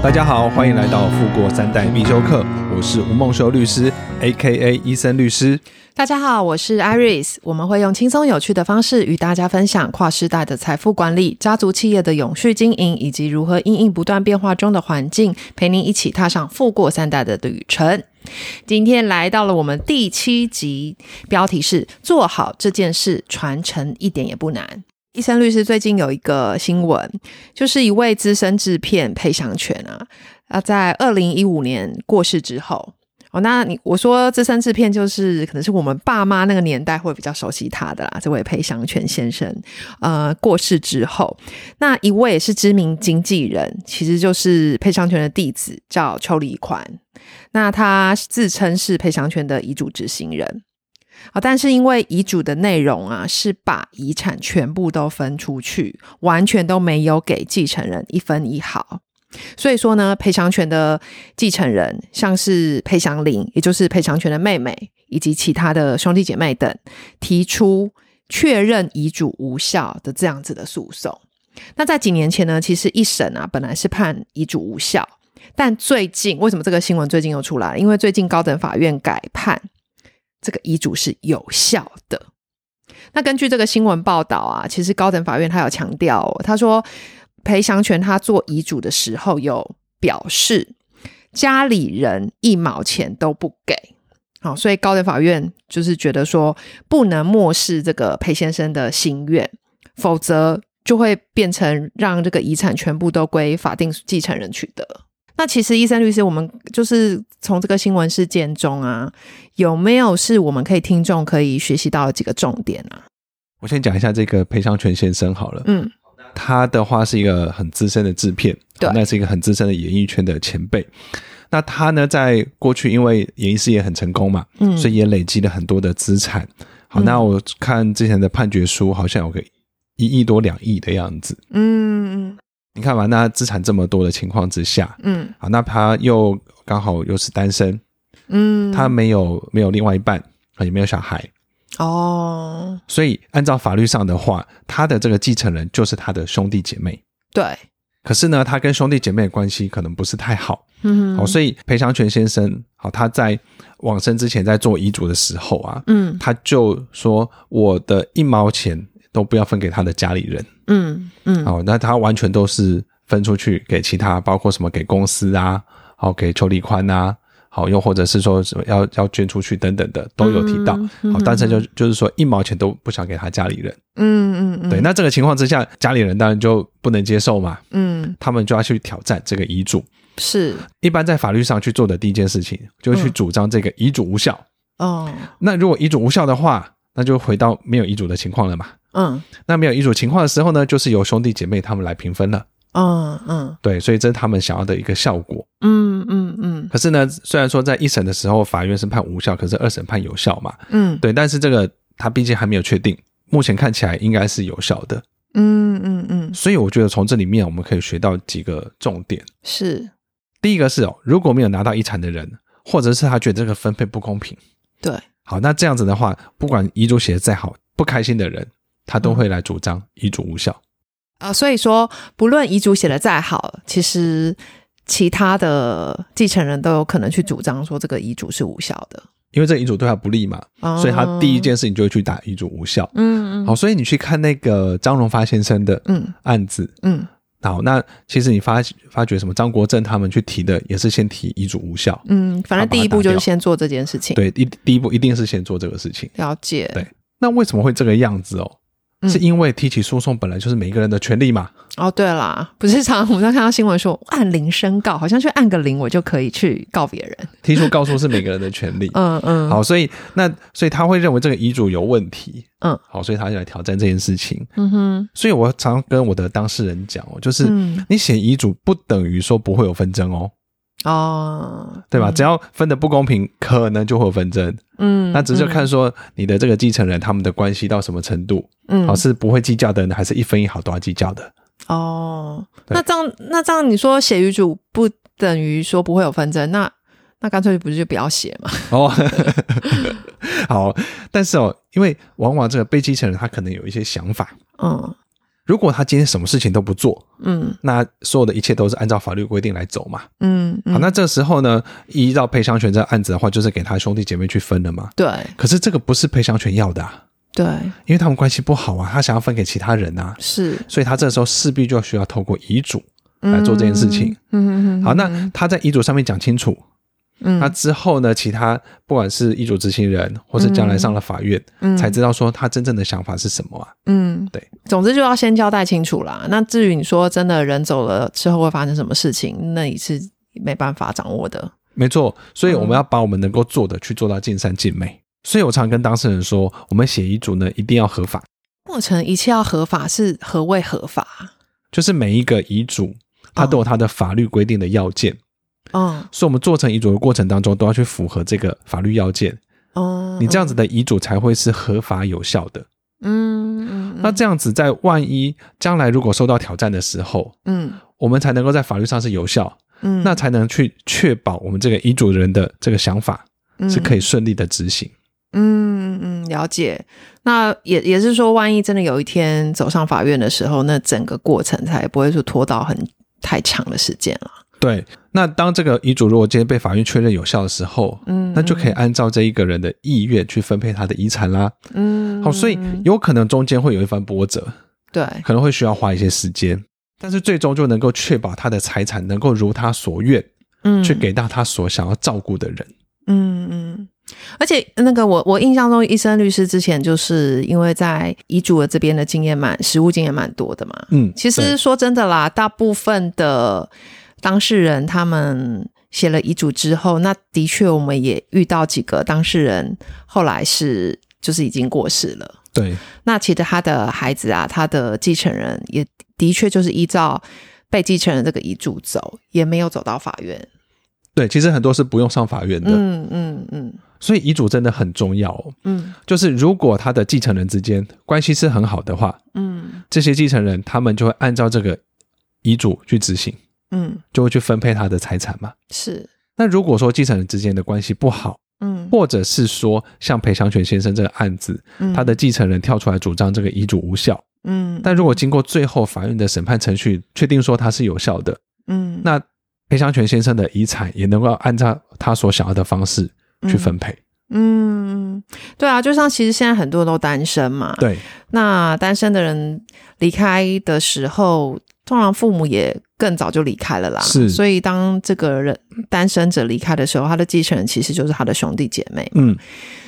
大家好，歡迎來到《富過三代密修課》，我是吳夢修律師 （A.K.A. 醫生律師）。大家好，我是 Iris，我們會用輕鬆有趣的方式與大家分享跨世代的財富管理、家族企業的永續經營，以及如何因應不斷變化中的環境，陪您一起踏上富過三代的旅程。今天來到了我們第七集，標題是“做好這件事，傳承一點也不難”。伊森律師最近有一個新聞，就是一位資深制片裴祥泉啊啊，呃，在二零一五年過世之後哦，那你我說資深制片就是可能是我們爸媽那個年代會比較熟悉他的啦，這位裴祥泉先生呃過世之後，那一位是知名經紀人，其實就是裴祥泉的弟子叫邱瓈寬，那他自稱是裴祥泉的遺囑執行人。啊、哦！但是因為遺囑的內容啊，是把遺產全部都分出去，完全都沒有給繼承人一分一毫，所以說呢，裴祥泉的繼承人，像是裴祥林，也就是裴祥泉的妹妹，以及其他的兄弟姐妹等，提出確認遺囑無效的這樣子的訴訟。那在幾年前呢，其實一審啊，本來是判遺囑無效，但最近為什麼這個新聞最近又出來？因為最近高等法院改判。這個遺囑是有效的。那根據這個新聞報道啊，其實高等法院他有強調、哦，他說，裴祥泉他做遺囑的時候有表示，家裡人一毛錢都不給，好、哦，所以高等法院就是覺得說，不能漠視這個裴先生的心願，否則就會變成讓這個遺產全部都歸法定繼承人取得。那其實伊森律師，我們就是從這個新聞事件中啊，有沒有是我們可以聽眾可以學習到幾個重點啊？我先講一下這個裴祥泉先生好了，嗯，他的話是一個很資深的製片，對，那是一個很資深的演藝圈的前輩。那他呢，在過去因為演藝事業很成功嘛，嗯，所以也累積了很多的資產。好，那我看之前的判決書，好像有個一億多兩億的樣子，嗯嗯。你看嘛，那資產這麼多的情況之下，嗯，好，那他又剛好又是單身，嗯，他沒有沒有另外一半，也沒有小孩，哦，所以按照法律上的話，他的這個繼承人就是他的兄弟姐妹，對。可是呢，他跟兄弟姐妹的關係可能不是太好，嗯，好，所以裴祥泉先生，好，他在往生之前在做遺囑的時候啊，嗯，他就說我的一毛錢。都不要分給他的家裡人，嗯嗯，好、哦，那他完全都是分出去給其他，包括什麼給公司啊，好、哦、給邱立寬啊，好、哦、又或者是說什麼要要捐出去等等的都有提到，好、嗯嗯哦，但是就就是說一毛錢都不想給他家裡人，嗯嗯嗯，對，那這個情況之下，家裡人當然就不能接受嘛，嗯，他們就要去挑戰這個遺囑，是一般在法律上去做的第一件事情，就去主張這個遺囑無效，哦、嗯，那如果遺囑無效的話，那就回到沒有遺囑的情況了嘛。嗯，那沒有遺囑情況的時候呢，就是由兄弟姐妹他們來平分了。嗯嗯，對，所以這是他們想要的一個效果。嗯嗯嗯。可是呢，雖然說在一審的時候法院是判無效，可是二審判有效嘛。嗯，對，但是這個他畢竟還沒有確定，目前看起來應該是有效的。嗯嗯嗯。所以我覺得從這裡面我們可以學到幾個重點。是，第一個是哦，如果沒有拿到遺產的人，或者是他覺得這個分配不公平，對，好，那這樣子的話，不管遺囑寫得再好，不開心的人。他都會來主張遺囑無效，啊、哦，所以說不論遺囑寫得再好，其實其他的繼承人都有可能去主張說這個遺囑是無效的，因為這個遺囑對他不利嘛、哦，所以他第一件事情就會去打遺囑無效。嗯，好，所以你去看那個張榮發先生的案子，嗯，好，那其實你發發覺什麼？張國政他們去提的也是先提遺囑無效。嗯，反正第一步就是先做這件事情。他他對，第第一步一定是先做這個事情。了解。對，那為什麼會這個樣子哦？是因為提起訴訟本來就是每個人的權利嘛。嗯、哦，對啦，不是常我們都看到新聞說按鈴申告，好像就按個鈴我就可以去告別人，提出告訴是每個人的權利。 嗯嗯。好，所以那所以他會認為這個遺囑有問題。嗯。好，所以他就來挑戰這件事情。嗯哼。所以我常跟我的當事人講哦，就是、嗯、你寫遺囑不等於說不會有紛爭哦。哦、oh,，對吧、嗯？只要分得不公平，可能就會有紛爭。嗯，那只是看說你的這個繼承人他們的關係到什麼程度，嗯，哦、是不會計較的呢，還是一分一毫都要計較的？哦、oh,，那這樣那這樣，你說寫遺囑不等於說不會有紛爭？那那乾脆不是就不要寫嘛？哦、 oh,， 好，但是哦，因為往往這個被繼承人他可能有一些想法，嗯、oh.。如果他今天什麼事情都不做，嗯，那所有的一切都是按照法律規定來走嘛，嗯，嗯，好，那這時候呢，依照裴祥泉這個案子的話，就是給他兄弟姐妹去分了嘛，對。可是這個不是裴祥泉要的、啊，對，因為他們關係不好啊，他想要分給其他人啊，是，所以他這時候勢必就要需要透過遺囑來做這件事情，嗯嗯嗯，嗯，好，那他在遺囑上面講清楚。嗯，那、啊、之後呢？其他不管是遺囑執行人，或是將來上了法院、嗯，才知道說他真正的想法是什麼啊？嗯，對。總之就要先交代清楚啦。那至於你說真的人走了之後會發生什麼事情，那也是沒辦法掌握的。沒錯，所以我們要把我們能夠做的、嗯、去做到盡善盡美。所以我常跟當事人說，我們寫遺囑呢，一定要合法。過程一切要合法，是何謂合法？就是每一個遺囑，它都有它的法律規定的要件。嗯嗯、哦，所以我們做成遺囑的過程當中，都要去符合這個法律要件。哦、嗯、你這樣子的遺囑才會是合法有效的。嗯，嗯，那這樣子在萬一將來如果受到挑戰的時候，嗯，我們才能夠在法律上是有效。嗯，那才能去確保我們這個遺囑人的這個想法，是可以順利的執行。嗯嗯，嗯，了解。那也也是說，萬一真的有一天走上法院的時候，那整個過程才不會說拖到很太長的時間了。對，那當這個遺囑如果今天被法院確認有效的時候，嗯，嗯，那就可以按照這一個人的意願去分配他的遺產啦，嗯，好，所以有可能中間會有一番波折，對，可能會需要花一些時間，但是最終就能夠確保他的財產能夠如他所願，嗯，去給到他所想要照顧的人，嗯嗯，而且那個我我印象中，伊森律師之前就是因為在遺囑的這邊的經驗蠻實務經驗蠻多的嘛，嗯，其實說真的啦，大部分的。當事人他們寫了遺囑之後，那的確我們也遇到幾個當事人，後來是就是已經過世了。對，那其實他的孩子啊，他的繼承人也的確就是依照被繼承人這個遺囑走，也沒有走到法院。對，其實很多是不用上法院的。嗯嗯嗯。所以遺囑真的很重要。嗯，就是如果他的繼承人之間關係是很好的話，嗯，這些繼承人他們就會按照這個遺囑去執行。嗯，就會去分配他的財產嘛。是。那如果說繼承人之間的關係不好，嗯，或者是說像裴祥泉先生這個案子，嗯，他的繼承人跳出來主張這個遺囑無效，嗯，但如果經過最後法院的審判程序，嗯、確定說，他是有效的，嗯，那裴祥泉先生的遺產也能夠按照他所想要的方式去分配嗯。嗯，對啊，就像其實現在很多都單身嘛，對，那單身的人離開的時候。通常，父母也更早就離開了啦。是，所以當這個人單身者離開的時候，他的繼承人其實就是他的兄弟姐妹。嗯，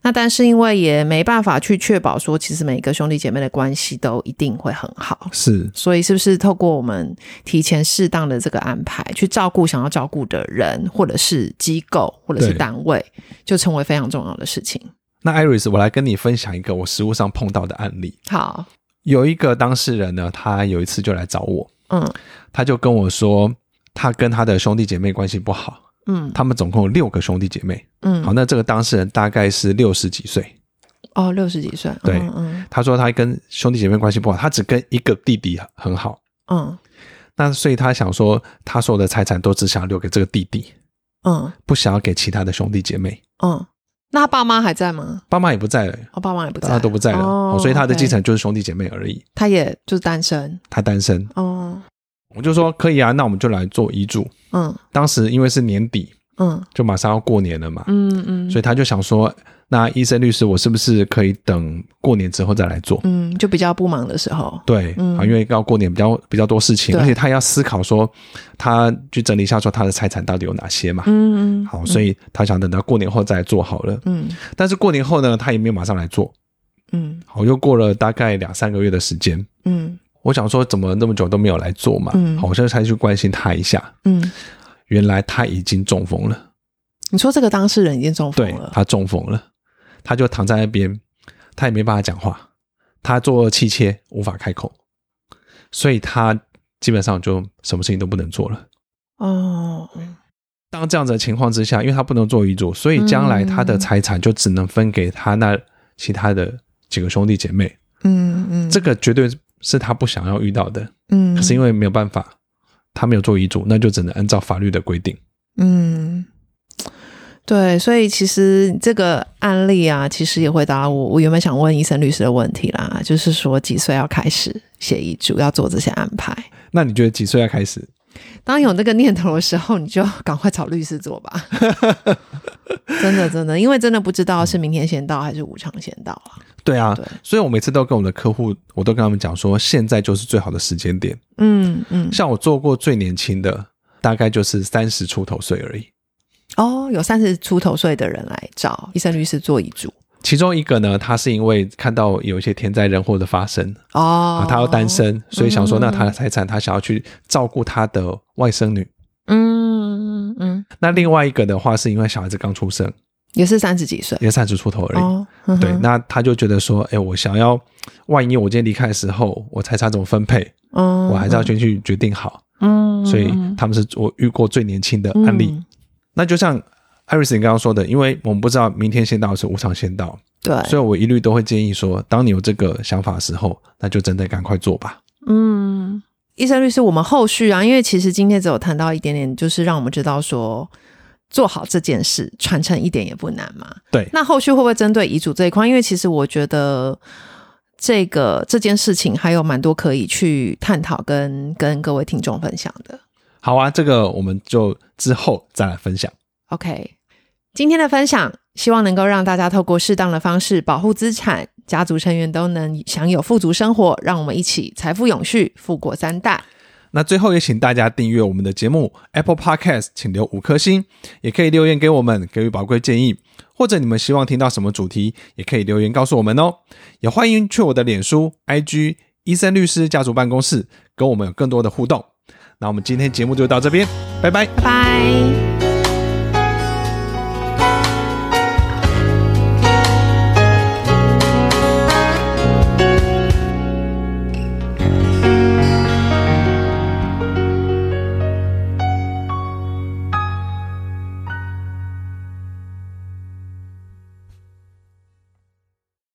那但是因為也沒辦法去確保說，其實每個兄弟姐妹的關係都一定會很好。是，所以是不是透過我們提前適當的這個安排，去照顧想要照顧的人，或者是機構，或者是單位，就成為非常重要的事情？那 Iris，我來跟你分享一個我實務上碰到的案例。好，有一個當事人呢，他有一次就來找我。嗯，他就跟我說，他跟他的兄弟姐妹關係不好。嗯，他們總共有六個兄弟姐妹。嗯，好，哦，那這個當事人大概是六十幾歲。哦，六十幾歲。對，嗯，嗯，他說他跟兄弟姐妹關係不好，他只跟一個弟弟很好。嗯，那所以他想說，他所有的財產都只想留給這個弟弟。嗯，不想要給其他的兄弟姐妹。嗯。那他爸媽還在嗎？爸媽也不在了，我、哦、爸媽也不在了，他都不在了、哦，所以他的繼承就是兄弟姐妹而已、哦 okay。他也就是單身，他單身。哦，我就說可以啊，那我們就來做遺囑。嗯，當時因為是年底。嗯，就馬上要過年了嘛。嗯嗯，所以他就想說，那伊森律師，我是不是可以等過年之後再來做？嗯，就比較不忙的時候。對，嗯、好，因為要過年比較比較多事情，而且他要思考說，他去整理一下說他的財產到底有哪些嘛。嗯嗯。好，所以他想等到過年後再來做好了。嗯，但是過年後呢，他也沒有馬上來做。嗯，好，又過了大概兩三個月的時間。嗯，我想說，怎麼那麼久都沒有來做嘛？嗯，好，我現在才去關心他一下。嗯。原來他已經中風了。你說這個當事人已經中風了？對，他中風了，他就躺在那邊，他也沒辦法講話，他做氣切無法開口，所以他基本上就什麼事情都不能做了。哦，當這樣子的情況之下，因為他不能做遺囑，所以將來他的財產就只能分給他那其他的幾個兄弟姐妹。嗯嗯，這個絕對是他不想要遇到的。嗯，可是因為沒有辦法。他沒有做遺囑，那就只能按照法律的規定。嗯，對，所以其實這個案例啊，其實也回答我，我原本想問伊森律師的問題啦，就是說幾歲要開始寫遺囑，要做這些安排。那你覺得幾歲要開始？當有這個念頭的時候，你就趕快找律師做吧。 真的，真的，因為真的不知道是明天先到還是無常先到了，啊。對啊對，所以我每次都跟我的客戶，我都跟他們講說，現在就是最好的時間點。嗯嗯，像我做過最年輕的，大概就是三十出頭歲而已。哦，有三十出頭歲的人來找伊森律師做遺囑。其中一個呢，他是因為看到有一些天災人禍的發生哦、oh, 啊，他要單身，oh. 所以想說，那他的財產，mm -hmm. 他想要去照顧他的外甥女。嗯嗯嗯。那另外一個的話，是因為小孩子剛出生，也是三十幾歲，也三十出頭而已。Oh. 對，那他就覺得說，哎、欸，我想要，萬一我今天離開的時候，我財產怎麼分配？嗯、mm -hmm. 我還是要先去決定好。嗯、mm -hmm.，所以他們是我遇過最年輕的案例。Mm -hmm. 那就像，艾瑞 e 你剛剛說的，因為我們不知道明天先到是無償先到，對，所以我一律都會建議說，當你有這個想法的時候，那就真的趕快做吧。嗯，醫生律師，我們後續啊，因為其實今天只有談到一點點，就是讓我們知道說，做好這件事傳承一點也不難嘛。對，那後續會不會針對遺囑這一塊？因為其實我覺得這個這件事情還有蠻多可以去探討跟跟各位聽眾分享的。好啊，這個我們就之後再來分享。OK。今天的分享，希望能夠讓大家透過適當的方式保護資產，家族成員都能享有富足生活。讓我們一起財富永續，富過三代。那最後也請大家訂閱我們的節目，Apple Podcast，請留五顆星，也可以留言給我們，給予寶貴建議，或者你們希望聽到什麼主題，也可以留言告訴我們哦。也歡迎去我的臉書、IG 伊森律師家族辦公室，跟我們有更多的互動。那我們今天節目就到這邊，拜拜，拜拜。